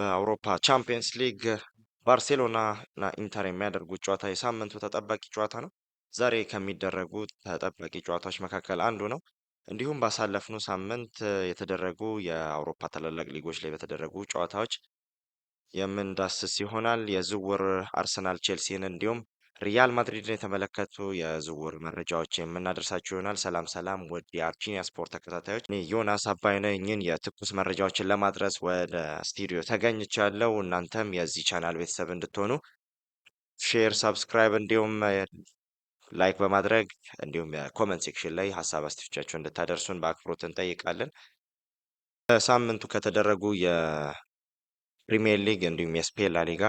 በአውሮፓ ቻምፒየንስ ሊግ ባርሴሎና እና ኢንተር የሚያደርጉት ጨዋታ የሳምንቱ ተጠባቂ ጨዋታ ነው። ዛሬ ከሚደረጉ ተጠባቂ ጨዋታዎች መካከል አንዱ ነው። እንዲሁም ባሳለፍነው ሳምንት የተደረጉ የአውሮፓ ታላላቅ ሊጎች ላይ በተደረጉ ጨዋታዎች የምንዳስስ ይሆናል። የዝውውር አርሰናል ቼልሲን እንዲሁም ሪያል ማድሪድን የተመለከቱ የዝውውር መረጃዎች የምናደርሳችሁ ይሆናል። ሰላም ሰላም፣ ውድ የአርጂኒያ ስፖርት ተከታታዮች፣ እኔ ዮናስ አባይ ነኝ። የትኩስ መረጃዎችን ለማድረስ ወደ ስቱዲዮ ተገኝቻለሁ። እናንተም የዚህ ቻናል ቤተሰብ እንድትሆኑ ሼር፣ ሰብስክራይብ እንዲሁም ላይክ በማድረግ እንዲሁም የኮመንት ሴክሽን ላይ ሀሳብ አስተያየቶቻችሁ እንድታደርሱን በአክብሮት እንጠይቃለን። በሳምንቱ ከተደረጉ የፕሪሚየር ሊግ እንዲሁም የስፔን ላሊጋ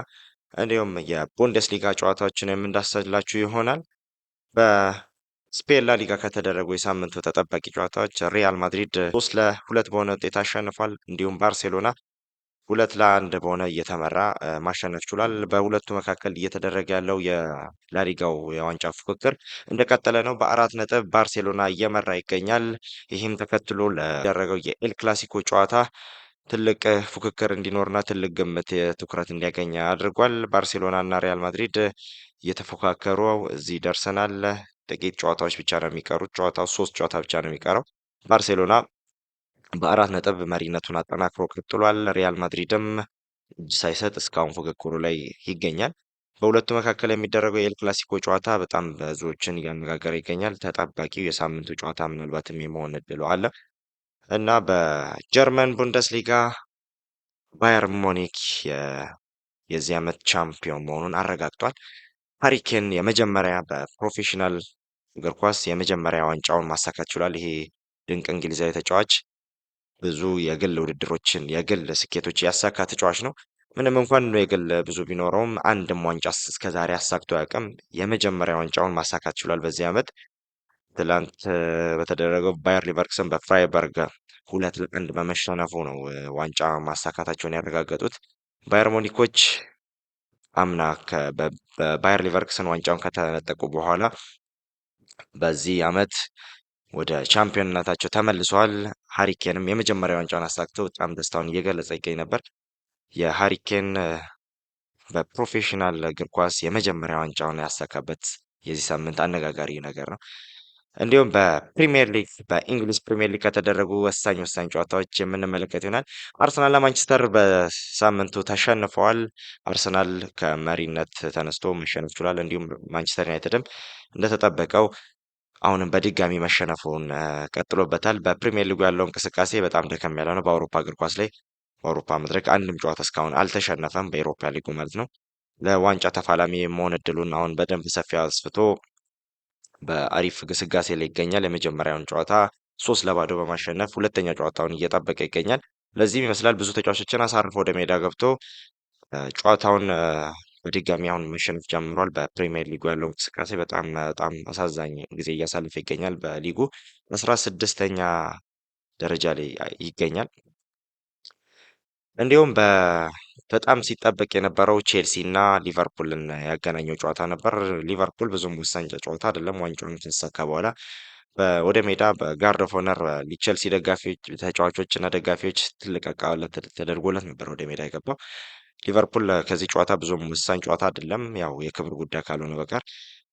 እንዲሁም የቡንደስሊጋ ጨዋታዎችን የምንዳሰላችሁ ይሆናል። በስፔን ላሊጋ ከተደረጉ የሳምንቱ ተጠባቂ ጨዋታዎች ሪያል ማድሪድ ሶስት ለሁለት በሆነ ውጤት አሸንፏል። እንዲሁም ባርሴሎና ሁለት ለአንድ በሆነ እየተመራ ማሸነፍ ችሏል። በሁለቱ መካከል እየተደረገ ያለው የላሊጋው የዋንጫ ፉክክር እንደቀጠለ ነው። በአራት ነጥብ ባርሴሎና እየመራ ይገኛል። ይህም ተከትሎ ለደረገው የኤል ክላሲኮ ጨዋታ ትልቅ ፉክክር እንዲኖርና ትልቅ ግምት ትኩረት እንዲያገኝ አድርጓል። ባርሴሎና እና ሪያል ማድሪድ እየተፎካከሩ እዚህ ደርሰናል። ጥቂት ጨዋታዎች ብቻ ነው የሚቀሩት። ጨዋታው ሶስት ጨዋታ ብቻ ነው የሚቀረው። ባርሴሎና በአራት ነጥብ መሪነቱን አጠናክሮ ቀጥሏል። ሪያል ማድሪድም እጅ ሳይሰጥ እስካሁን ፉክክሩ ላይ ይገኛል። በሁለቱ መካከል የሚደረገው የኤል ክላሲኮ ጨዋታ በጣም ብዙዎችን እያነጋገረ ይገኛል። ተጠባቂው የሳምንቱ ጨዋታ ምናልባትም የመሆን እድሉ አለ። እና በጀርመን ቡንደስሊጋ ባየር ሞኒክ የዚህ ዓመት ቻምፒዮን መሆኑን አረጋግጧል። ሀሪኬን የመጀመሪያ በፕሮፌሽናል እግር ኳስ የመጀመሪያ ዋንጫውን ማሳካት ችሏል። ይሄ ድንቅ እንግሊዛዊ ተጫዋች ብዙ የግል ውድድሮችን የግል ስኬቶች ያሳካ ተጫዋች ነው። ምንም እንኳን የግል ብዙ ቢኖረውም አንድም ዋንጫ እስከዛሬ አሳክቶ አያውቅም። የመጀመሪያ ዋንጫውን ማሳካት ችሏል በዚህ ዓመት። ትላንት በተደረገው ባየር ሊቨርክሰን በፍራይበርግ ሁለት ለአንድ በመሸነፉ ነው ዋንጫ ማሳካታቸውን ያረጋገጡት። ባየር ሞኒኮች አምና በባየር ሊቨርክሰን ዋንጫውን ከተነጠቁ በኋላ በዚህ አመት ወደ ቻምፒዮንነታቸው ተመልሰዋል። ሀሪኬንም የመጀመሪያ ዋንጫውን አሳክተው በጣም ደስታውን እየገለጸ ይገኝ ነበር። የሀሪኬን በፕሮፌሽናል እግር ኳስ የመጀመሪያ ዋንጫውን ያሳካበት የዚህ ሳምንት አነጋጋሪ ነገር ነው። እንዲሁም በፕሪሚየር ሊግ በእንግሊዝ ፕሪሚየር ሊግ ከተደረጉ ወሳኝ ወሳኝ ጨዋታዎች የምንመለከት ይሆናል። አርሰናል ለማንቸስተር በሳምንቱ ተሸንፈዋል። አርሰናል ከመሪነት ተነስቶ መሸነፍ ችሏል። እንዲሁም ማንቸስተር ዩናይትድም እንደተጠበቀው አሁንም በድጋሚ መሸነፉን ቀጥሎበታል። በፕሪሚየር ሊጉ ያለው እንቅስቃሴ በጣም ደከም ያለ ነው። በአውሮፓ እግር ኳስ ላይ በአውሮፓ መድረክ አንድም ጨዋታ እስካሁን አልተሸነፈም፣ በኤሮፓ ሊጉ ማለት ነው። ለዋንጫ ተፋላሚ የመሆን እድሉን አሁን በደንብ ሰፊ አስፍቶ በአሪፍ ግስጋሴ ላይ ይገኛል። የመጀመሪያውን ጨዋታ ሶስት ለባዶ በማሸነፍ ሁለተኛ ጨዋታውን እየጠበቀ ይገኛል። ለዚህም ይመስላል ብዙ ተጫዋቾችን አሳርፎ ወደ ሜዳ ገብቶ ጨዋታውን በድጋሚ አሁን መሸነፍ ጀምሯል። በፕሪሚየር ሊጉ ያለው እንቅስቃሴ በጣም በጣም አሳዛኝ ጊዜ እያሳለፈ ይገኛል። በሊጉ አስራ ስድስተኛ ደረጃ ላይ ይገኛል። እንዲሁም በ በጣም ሲጠበቅ የነበረው እና ሊቨርፑልን ያገናኘው ጨዋታ ነበር። ሊቨርፑል ብዙም ወሳኝ ጨዋታ አይደለም፣ ዋንጫውን ከተሳካ በኋላ ወደ ሜዳ በጋርድ ኦፍ ኦነር ቼልሲ ደጋፊዎች ተጫዋቾች እና ደጋፊዎች ትልቅ አቀባበል ተደርጎለት ነበር ወደ ሜዳ የገባው። ሊቨርፑል ከዚህ ጨዋታ ብዙም ወሳኝ ጨዋታ አይደለም፣ ያው የክብር ጉዳይ ካልሆነ በቀር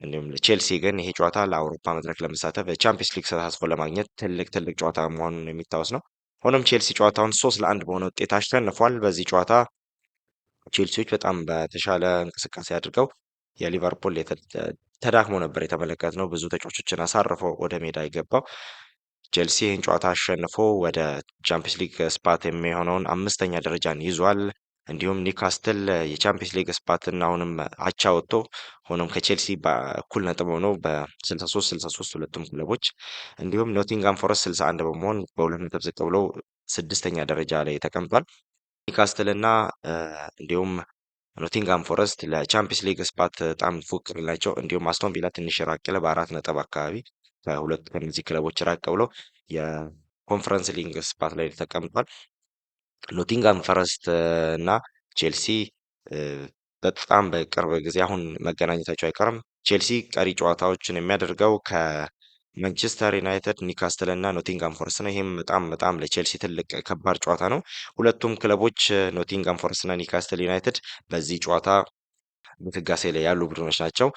እንዲሁም ቼልሲ ግን ይሄ ጨዋታ ለአውሮፓ መድረክ ለመሳተፍ በቻምፒየንስ ሊግ ተሳትፎ ለማግኘት ትልቅ ትልቅ ጨዋታ መሆኑን የሚታወስ ነው። ሆኖም ቼልሲ ጨዋታውን ሶስት ለአንድ በሆነ ውጤት አሸንፏል። በዚህ ጨዋታ ቼልሲዎች በጣም በተሻለ እንቅስቃሴ አድርገው የሊቨርፑል ተዳክሞ ነበር ነው። ብዙ ተጫዋቾችን አሳርፎ ወደ ሜዳ የገባው ቼልሲ ይህን ጨዋታ አሸንፎ ወደ ቻምፒየንስ ሊግ ስፓት የሚሆነውን አምስተኛ ደረጃን ይዟል። እንዲሁም ኒውካስትል የቻምፒየንስ ሊግ ስፓትን አሁንም አቻ ወጥቶ ሆኖም ከቼልሲ በእኩል ነጥብ ሆኖ በ63 63 ሁለቱም ክለቦች እንዲሁም ኖቲንጋም ፎረስት 61 በመሆን በሁለት ነጥብ ዝቅ ብሎ ስድስተኛ ደረጃ ላይ ተቀምጧል። ኒካስትል እና እንዲሁም ኖቲንጋም ፎረስት ለቻምፒየንስ ሊግ ስፓት በጣም ፉክክር ናቸው። እንዲሁም አስቶን ቪላ ትንሽ ራቅለ በአራት ነጥብ አካባቢ ከሁለት ከነዚህ ክለቦች ራቅ ብለው የኮንፈረንስ ሊግ ስፓት ላይ ተቀምጧል። ኖቲንጋም ፎረስት እና ቼልሲ በጣም በቅርብ ጊዜ አሁን መገናኘታቸው አይቀርም። ቼልሲ ቀሪ ጨዋታዎችን የሚያደርገው ከ ማንቸስተር ዩናይትድ ኒውካስትል እና ኖቲንጋም ፎረስት ነው። ይህም በጣም በጣም ለቼልሲ ትልቅ ከባድ ጨዋታ ነው። ሁለቱም ክለቦች ኖቲንጋም ፎረስት እና ኒውካስትል ዩናይትድ በዚህ ጨዋታ ምትጋሴ ላይ ያሉ ቡድኖች ናቸው።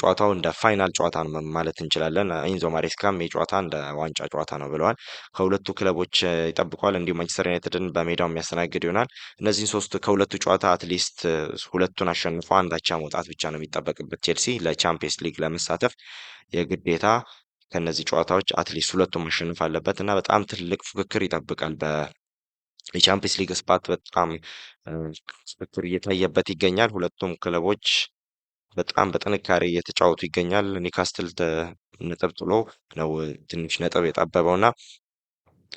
ጨዋታው እንደ ፋይናል ጨዋታ ነው ማለት እንችላለን። ኢንዞ ማሬስካም የጨዋታ እንደ ዋንጫ ጨዋታ ነው ብለዋል። ከሁለቱ ክለቦች ይጠብቋል። እንዲሁም ማንቸስተር ዩናይትድን በሜዳው የሚያስተናግድ ይሆናል። እነዚህን ሶስት ከሁለቱ ጨዋታ አትሊስት ሁለቱን አሸንፎ አንዳቻ መውጣት ብቻ ነው የሚጠበቅበት ቼልሲ ለቻምፒየንስ ሊግ ለመሳተፍ የግዴታ ከነዚህ ጨዋታዎች አትሊስት ሁለቱ ማሸነፍ አለበት እና በጣም ትልቅ ፉክክር ይጠብቃል። የቻምፒየንስ ሊግ ስፓት በጣም ፉክክር እየታየበት ይገኛል። ሁለቱም ክለቦች በጣም በጥንካሬ እየተጫወቱ ይገኛል። ኒካስትል ነጥብ ጥሎ ነው ትንሽ ነጥብ የጠበበው እና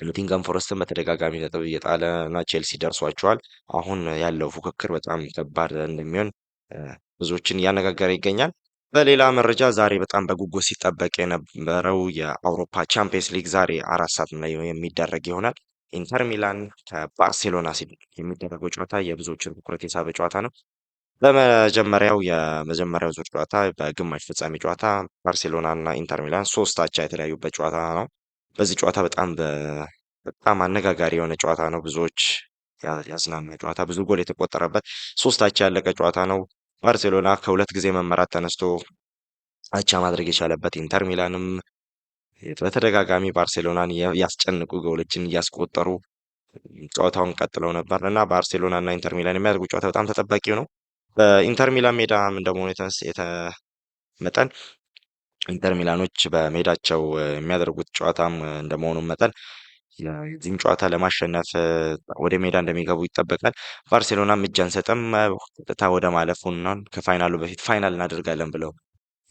ኖቲንጋም ፎረስትን በተደጋጋሚ ነጥብ እየጣለ እና ቼልሲ ደርሷቸዋል። አሁን ያለው ፉክክር በጣም ከባድ እንደሚሆን ብዙዎችን እያነጋገረ ይገኛል። በሌላ መረጃ ዛሬ በጣም በጉጉት ሲጠበቅ የነበረው የአውሮፓ ቻምፒየንስ ሊግ ዛሬ አራት ሰዓት ላይ የሚደረግ ይሆናል። ኢንተር ሚላን ከባርሴሎና የሚደረገው ጨዋታ የብዙዎችን ትኩረት የሳበ ጨዋታ ነው። በመጀመሪያው የመጀመሪያው ዙር ጨዋታ በግማሽ ፍጻሜ ጨዋታ ባርሴሎና እና ኢንተር ሚላን ሶስት አቻ የተለያዩበት ጨዋታ ነው። በዚህ ጨዋታ በጣም በጣም አነጋጋሪ የሆነ ጨዋታ ነው። ብዙዎች ያዝናና ጨዋታ ብዙ ጎል የተቆጠረበት ሶስት አቻ ያለቀ ጨዋታ ነው። ባርሴሎና ከሁለት ጊዜ መመራት ተነስቶ አቻ ማድረግ የቻለበት ኢንተር ሚላንም በተደጋጋሚ ባርሴሎናን ያስጨንቁ ጎሎችን እያስቆጠሩ ጨዋታውን ቀጥለው ነበር እና ባርሴሎና እና ኢንተር ሚላን የሚያደርጉ ጨዋታ በጣም ተጠባቂ ነው። በኢንተር ሚላን ሜዳ እንደመሆኑ መጠን ኢንተር ሚላኖች በሜዳቸው የሚያደርጉት ጨዋታም እንደመሆኑ መጠን የዚህም ጨዋታ ለማሸነፍ ወደ ሜዳ እንደሚገቡ ይጠበቃል። ባርሴሎና እጅ አንሰጥም ቀጥታ ወደ ማለፉና ከፋይናሉ በፊት ፋይናል እናደርጋለን ብለው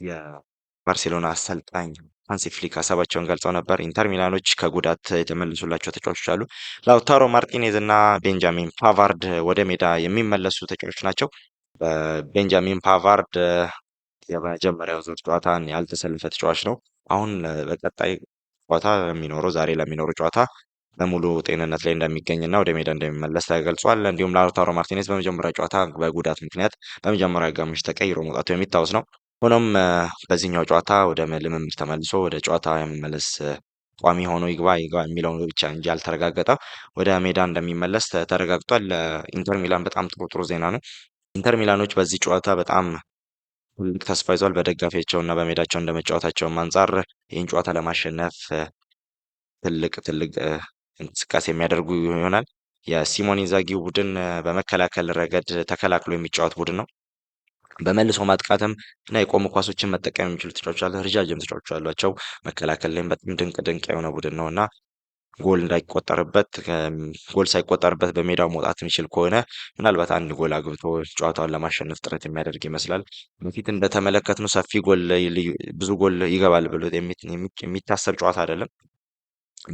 የባርሴሎና አሰልጣኝ ሃንሲ ፍሊክ ሀሳባቸውን ገልጸው ነበር። ኢንተር ሚላኖች ከጉዳት የተመለሱላቸው ተጫዋቾች አሉ። ላውታሮ ማርቲኔዝ እና ቤንጃሚን ፓቫርድ ወደ ሜዳ የሚመለሱ ተጫዋቾች ናቸው። በቤንጃሚን ፓቫርድ የመጀመሪያው ዙር ጨዋታን ያልተሰለፈ ተጫዋች ነው። አሁን በቀጣይ ጨዋታ የሚኖረው ዛሬ ለሚኖረው ጨዋታ በሙሉ ጤንነት ላይ እንደሚገኝና ወደ ሜዳ እንደሚመለስ ተገልጿል። እንዲሁም ላውታሮ ማርቲኔዝ በመጀመሪያ ጨዋታ በጉዳት ምክንያት በመጀመሪያ አጋማሽ ተቀይሮ መውጣቱ የሚታወስ ነው። ሆኖም በዚህኛው ጨዋታ ወደ ልምምድ ተመልሶ ወደ ጨዋታ የመመለስ ቋሚ ሆኖ ይግባ ይግባ የሚለው ብቻ እንጂ አልተረጋገጠ ወደ ሜዳ እንደሚመለስ ተረጋግጧል። ኢንተር ሚላን በጣም ጥሩ ጥሩ ዜና ነው። ኢንተር ሚላኖች በዚህ ጨዋታ በጣም ትልቅ ተስፋ ይዟል። በደጋፊያቸውና በሜዳቸው እንደመጫወታቸውም አንጻር ይህን ጨዋታ ለማሸነፍ ትልቅ ትልቅ እንቅስቃሴ የሚያደርጉ ይሆናል። የሲሞኔ ኢንዛጊው ቡድን በመከላከል ረገድ ተከላክሎ የሚጫወት ቡድን ነው። በመልሶ ማጥቃትም እና የቆሙ ኳሶችን መጠቀም የሚችሉ ተጫዋቾች አሉ፣ ረጃጅም ተጫዋቾች አሏቸው። መከላከል ላይም በጣም ድንቅ ድንቅ የሆነ ቡድን ነው እና ጎል እንዳይቆጠርበት ጎል ሳይቆጠርበት በሜዳው መውጣት የሚችል ከሆነ ምናልባት አንድ ጎል አግብቶ ጨዋታውን ለማሸነፍ ጥረት የሚያደርግ ይመስላል። በፊት እንደተመለከትነው ሰፊ ጎል ብዙ ጎል ይገባል ብሎ የሚታሰብ ጨዋታ አይደለም።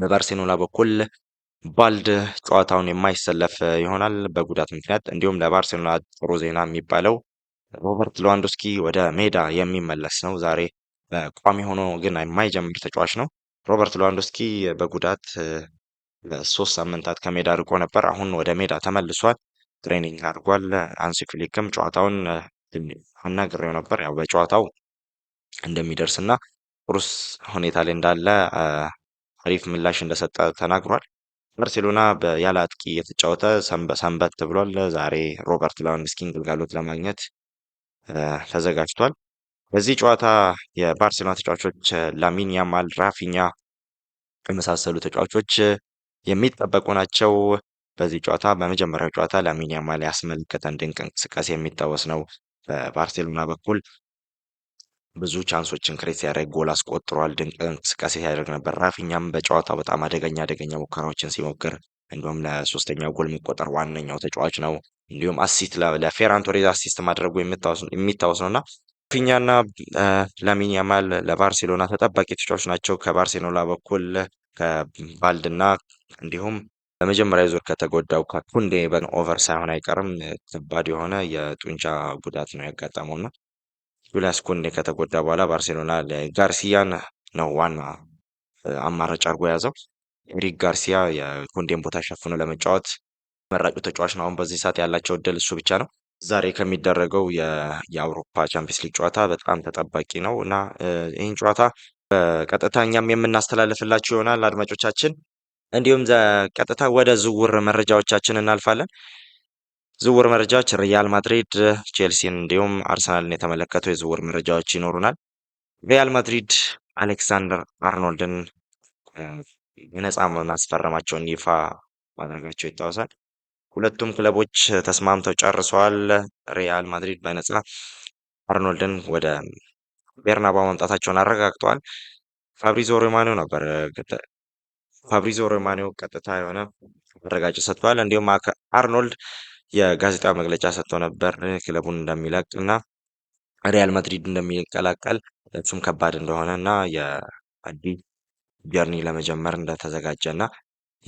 በባርሴሎና በኩል ባልድ ጨዋታውን የማይሰለፍ ይሆናል በጉዳት ምክንያት። እንዲሁም ለባርሴሎና ጥሩ ዜና የሚባለው ሮበርት ሌዋንዶስኪ ወደ ሜዳ የሚመለስ ነው። ዛሬ ቋሚ ሆኖ ግን የማይጀምር ተጫዋች ነው። ሮበርት ሌዋንዶስኪ በጉዳት ለሶስት ሳምንታት ከሜዳ ርቆ ነበር። አሁን ወደ ሜዳ ተመልሷል። ትሬኒንግ አድርጓል። አንሲ ፊሊክም ጨዋታውን አናግሬው ነበር። ያው በጨዋታው እንደሚደርስ እና ሩስ ሁኔታ ላይ እንዳለ አሪፍ ምላሽ እንደሰጠ ተናግሯል። ባርሴሎና ያለ አጥቂ የተጫወተ ሰንበት ብሏል። ዛሬ ሮበርት ሌዋንዶስኪን ግልጋሎት ለማግኘት ተዘጋጅቷል። በዚህ ጨዋታ የባርሴሎና ተጫዋቾች ላሚን ያማል፣ ራፊኛ የመሳሰሉ ተጫዋቾች የሚጠበቁ ናቸው። በዚህ ጨዋታ በመጀመሪያው ጨዋታ ላሚን ያማል ያስመለከተን ድንቅ እንቅስቃሴ የሚታወስ ነው። በባርሴሎና በኩል ብዙ ቻንሶችን ክሬት ሲያደርግ ጎል አስቆጥሯል። ድንቅ እንቅስቃሴ ሲያደርግ ነበር። ራፊኛም በጨዋታው በጣም አደገኛ አደገኛ ሙከራዎችን ሲሞክር እንዲሁም ለሶስተኛው ጎል የሚቆጠር ዋነኛው ተጫዋች ነው። እንዲሁም አሲስት ለፌራን ቶሬዝ አሲስት ማድረጉ የሚታወስ ነው እና ራፊኛና ላሚን ያማል ለባርሴሎና ተጠባቂ ተጫዋች ናቸው። ከባርሴሎና በኩል ከባልድና እንዲሁም በመጀመሪያ ዙር ከተጎዳው ከኩንዴ ኦቨር ሳይሆን አይቀርም ከባድ የሆነ የጡንቻ ጉዳት ነው ያጋጠመው እና ጁሊያስ ኩንዴ ከተጎዳ በኋላ ባርሴሎና ጋርሲያን ነው ዋና አማራጭ አርጎ የያዘው። ኤሪክ ጋርሲያ የኩንዴን ቦታ ሸፍኖ ለመጫወት መራጩ ተጫዋች ነው። አሁን በዚህ ሰዓት ያላቸው እድል እሱ ብቻ ነው። ዛሬ ከሚደረገው የአውሮፓ ቻምፒየንስ ሊግ ጨዋታ በጣም ተጠባቂ ነው እና ይህን ጨዋታ በቀጥታ እኛም የምናስተላልፍላችሁ ይሆናል አድማጮቻችን። እንዲሁም ቀጥታ ወደ ዝውውር መረጃዎቻችን እናልፋለን። ዝውውር መረጃዎች ሪያል ማድሪድ ቼልሲን፣ እንዲሁም አርሰናልን የተመለከቱ የዝውውር መረጃዎች ይኖሩናል። ሪያል ማድሪድ አሌክሳንደር አርኖልድን የነፃ ማስፈረማቸውን ይፋ ማድረጋቸው ይታወሳል። ሁለቱም ክለቦች ተስማምተው ጨርሰዋል። ሪያል ማድሪድ በነፃ አርኖልድን ወደ ቤርናባ መምጣታቸውን አረጋግጠዋል። ፋብሪዞ ሮማኖ ነበር። ፋብሪዞ ሮማኖ ቀጥታ የሆነ መረጋጭ ሰጥቷል። እንዲሁም አርኖልድ የጋዜጣ መግለጫ ሰጥቶ ነበር ክለቡን እንደሚለቅ እና ሪያል ማድሪድ እንደሚቀላቀል እሱም ከባድ እንደሆነ እና የአዲስ ጀርኒ ለመጀመር እንደተዘጋጀ እና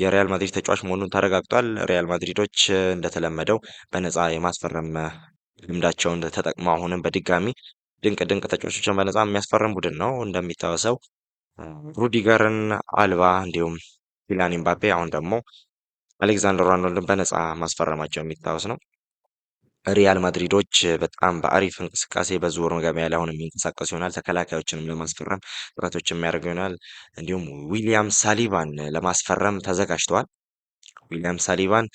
የሪያል ማድሪድ ተጫዋች መሆኑን ተረጋግጧል። ሪያል ማድሪዶች እንደተለመደው በነፃ የማስፈረም ልምዳቸውን ተጠቅመው አሁንም በድጋሚ ድንቅ ድንቅ ተጫዋቾችን በነፃ የሚያስፈርም ቡድን ነው። እንደሚታወሰው ሩዲገርን፣ አልባ እንዲሁም ኪሊያን ኢምባፔ አሁን ደግሞ አሌክዛንደር አርኖልድን በነፃ ማስፈረማቸው የሚታወስ ነው። ሪያል ማድሪዶች በጣም በአሪፍ እንቅስቃሴ በዙር ገበያ ላይ አሁን የሚንቀሳቀሱ ይሆናል። ተከላካዮችንም ለማስፈረም ጥረቶች የሚያደርጉ ይሆናል። እንዲሁም ዊሊያም ሳሊባን ለማስፈረም ተዘጋጅተዋል። ዊሊያም ሳሊባን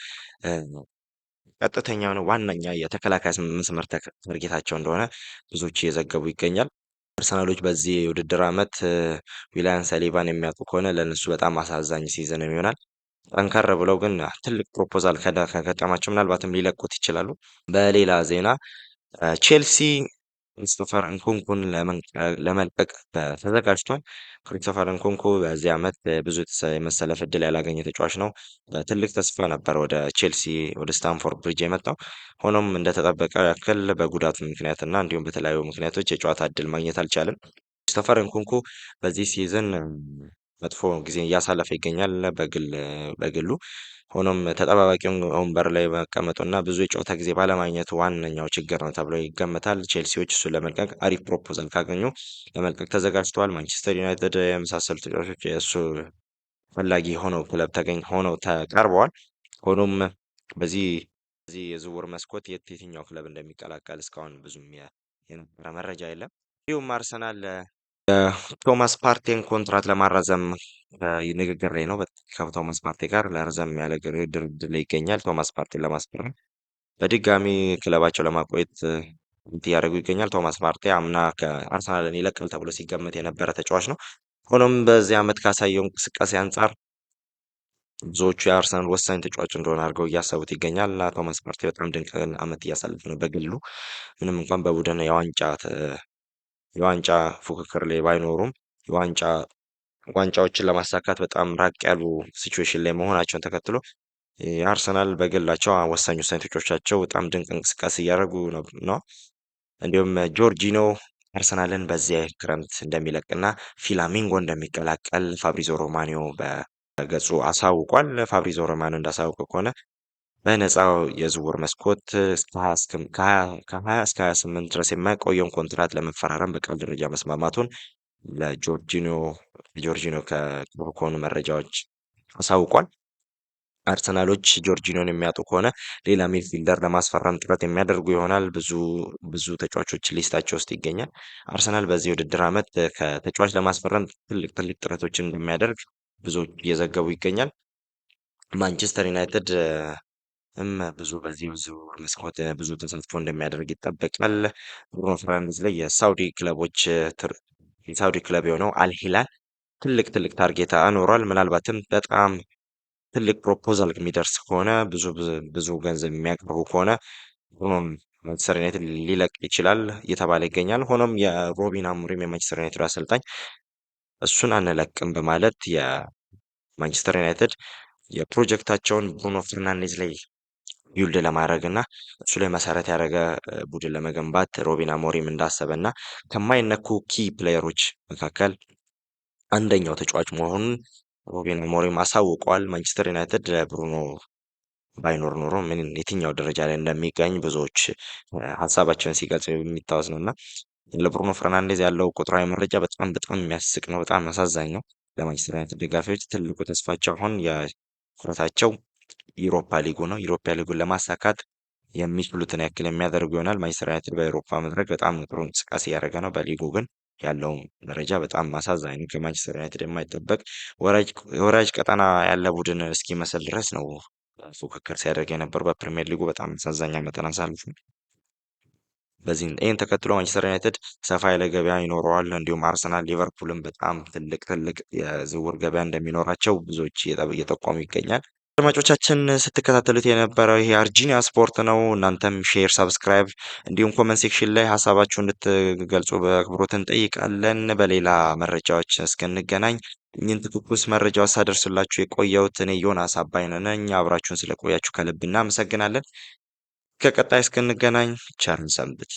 ቀጥተኛ ሆነ ዋነኛ የተከላካይ መስመር መርጌታቸው እንደሆነ ብዙዎች እየዘገቡ ይገኛል። አርሰናሎች በዚህ የውድድር ዓመት ዊሊያን ሳሊባን የሚያጡ ከሆነ ለእነሱ በጣም አሳዛኝ ሲዝንም ይሆናል። ጠንከር ብለው ግን ትልቅ ፕሮፖዛል ከገጠማቸው ምናልባትም ሊለቁት ይችላሉ። በሌላ ዜና ቼልሲ ክሪስቶፈር እንኮንኮን ለመልቀቅ ተዘጋጅቷል። ክሪስቶፈር እንኮንኮ በዚህ ዓመት ብዙ የመሰለፍ እድል ያላገኘ ተጫዋች ነው። ትልቅ ተስፋ ነበር ወደ ቼልሲ ወደ ስታንፎርድ ብሪጅ የመጣው። ሆኖም እንደተጠበቀ ያክል በጉዳት ምክንያት እና እንዲሁም በተለያዩ ምክንያቶች የጨዋታ እድል ማግኘት አልቻለም። ክሪስቶፈር እንኮንኮ በዚህ ሲዝን መጥፎ ጊዜ እያሳለፈ ይገኛል። በግል በግሉ ሆኖም ተጠባባቂ ወንበር ላይ መቀመጡና ብዙ የጨዋታ ጊዜ ባለማግኘቱ ዋነኛው ችግር ነው ተብሎ ይገመታል። ቼልሲዎች እሱን ለመልቀቅ አሪፍ ፕሮፖዛል ካገኙ ለመልቀቅ ተዘጋጅተዋል። ማንቸስተር ዩናይትድ የመሳሰሉ ተጫዋቾች የእሱ ፈላጊ ሆነው ክለብ ተገኝ ሆነው ተቀርበዋል። ሆኖም በዚህ በዚህ የዝውውር መስኮት የት የትኛው ክለብ እንደሚቀላቀል እስካሁን ብዙም የነበረ መረጃ የለም። እንዲሁም አርሰናል ቶማስ ፓርቴን ኮንትራት ለማራዘም ንግግር ላይ ነው። ከቶማስ ፓርቴ ጋር ለረዘም ያለ ድርድር ላይ ይገኛል። ቶማስ ፓርቴን ለማስፈረም በድጋሚ ክለባቸው ለማቆየት እያደረጉ ይገኛል። ቶማስ ፓርቴ አምና ከአርሰናልን ይለቅል ተብሎ ሲገመት የነበረ ተጫዋች ነው። ሆኖም በዚህ ዓመት ካሳየው እንቅስቃሴ አንጻር ብዙዎቹ የአርሰናል ወሳኝ ተጫዋች እንደሆነ አድርገው እያሰቡት ይገኛል እና ቶማስ ፓርቴ በጣም ድንቅ ዓመት እያሳለፈ ነው። በግሉ ምንም እንኳን በቡድን የዋንጫ የዋንጫ ፉክክር ላይ ባይኖሩም የዋንጫ ዋንጫዎችን ለማሳካት በጣም ራቅ ያሉ ሲቹዌሽን ላይ መሆናቸውን ተከትሎ አርሰናል በግላቸው ወሳኝ ወሳኝ ተጫዋቾቻቸው በጣም ድንቅ እንቅስቃሴ እያደረጉ ነው። እንዲሁም ጆርጂኖ አርሰናልን በዚያ ክረምት እንደሚለቅና ፊላሚንጎ እንደሚቀላቀል ፋብሪዞ ሮማኒዮ በገጹ አሳውቋል። ፋብሪዞ ሮማኒዮ እንዳሳውቀ ከሆነ በነፃው የዝውውር መስኮት ከ20 እስከ 28 ድረስ የማይቆየውን ኮንትራት ለመፈራረም በቃል ደረጃ መስማማቱን ለጆርጂኖ ከሆኑ መረጃዎች አሳውቋል። አርሰናሎች ጆርጂኖን የሚያጡ ከሆነ ሌላ ሚድፊልደር ለማስፈረም ጥረት የሚያደርጉ ይሆናል። ብዙ ብዙ ተጫዋቾች ሊስታቸው ውስጥ ይገኛል። አርሰናል በዚህ ውድድር ዓመት ከተጫዋች ለማስፈረም ትልቅ ትልቅ ጥረቶችን እንደሚያደርግ ብዙዎች እየዘገቡ ይገኛል። ማንቸስተር ዩናይትድ ብዙ በዚህ ዝውውር መስኮት ብዙ ተሳትፎ እንደሚያደርግ ይጠበቃል። ብሩኖ ፈርናንዴዝ ላይ የሳውዲ ክለቦች የሳውዲ ክለብ የሆነው አልሂላል ትልቅ ትልቅ ታርጌት አኖሯል። ምናልባትም በጣም ትልቅ ፕሮፖዛል የሚደርስ ከሆነ ብዙ ብዙ ገንዘብ የሚያቀርቡ ከሆነ ብሩኖን ማንቸስተር ዩናይትድ ሊለቅ ይችላል እየተባለ ይገኛል። ሆኖም የሮቢን አሙሪም የማንቸስተር ዩናይትድ አሰልጣኝ እሱን አንለቅም በማለት የማንቸስተር ዩናይትድ የፕሮጀክታቸውን ብሩኖ ፈርናንዴዝ ላይ ቢውልድ ለማድረግ እና እሱ ላይ መሰረት ያደረገ ቡድን ለመገንባት ሮቢን አሞሪም እንዳሰበ እና ከማይነኩ ኪ ፕሌየሮች መካከል አንደኛው ተጫዋች መሆኑን ሮቢን አሞሪም አሳውቋል። ማንቸስተር ዩናይትድ ለብሩኖ ባይኖር ኖሮ ምን የትኛው ደረጃ ላይ እንደሚገኝ ብዙዎች ሀሳባቸውን ሲገልጽ የሚታወስ ነው እና ለብሩኖ ፈርናንዴዝ ያለው ቁጥራዊ መረጃ በጣም በጣም የሚያስቅ ነው። በጣም አሳዛኝ ነው። ለማንቸስተር ዩናይትድ ደጋፊዎች ትልቁ ተስፋቸው አሁን የኩረታቸው ኢሮፓ ሊጉ ነው። ኢሮፓ ሊጉን ለማሳካት የሚችሉትን ያክል የሚያደርጉ ይሆናል። ማንችስተር ዩናይትድ በአውሮፓ መድረክ በጣም ጥሩ እንቅስቃሴ እያደረገ ነው። በሊጉ ግን ያለው ደረጃ በጣም አሳዛኝ ነው። ከማንችስተር ዩናይትድ የማይጠበቅ ወራጅ ቀጠና ያለ ቡድን እስኪመስል ድረስ ነው ፉክክር ሲያደርግ የነበሩ በፕሪሚየር ሊጉ በጣም አሳዛኝ ዓመትን አሳልፉ። በዚህ ይህን ተከትሎ ማንችስተር ዩናይትድ ሰፋ ያለ ገበያ ይኖረዋል። እንዲሁም አርሰናል፣ ሊቨርፑልም በጣም ትልቅ ትልቅ የዝውውር ገበያ እንደሚኖራቸው ብዙዎች እየጠቆሙ ይገኛል። አድማጮቻችን ስትከታተሉት የነበረው ይሄ አርጂኒያ ስፖርት ነው። እናንተም ሼር፣ ሰብስክራይብ እንዲሁም ኮመንት ሴክሽን ላይ ሀሳባችሁ እንድትገልጹ በአክብሮት እንጠይቃለን። በሌላ መረጃዎች እስክንገናኝ እኝን ትኩስ መረጃ ሳደርስላችሁ የቆየሁት እኔ ዮናስ አባይነ ነኝ። አብራችሁን ስለቆያችሁ ከልብ እናመሰግናለን። ከቀጣይ እስክንገናኝ ቸርን ሰንብት።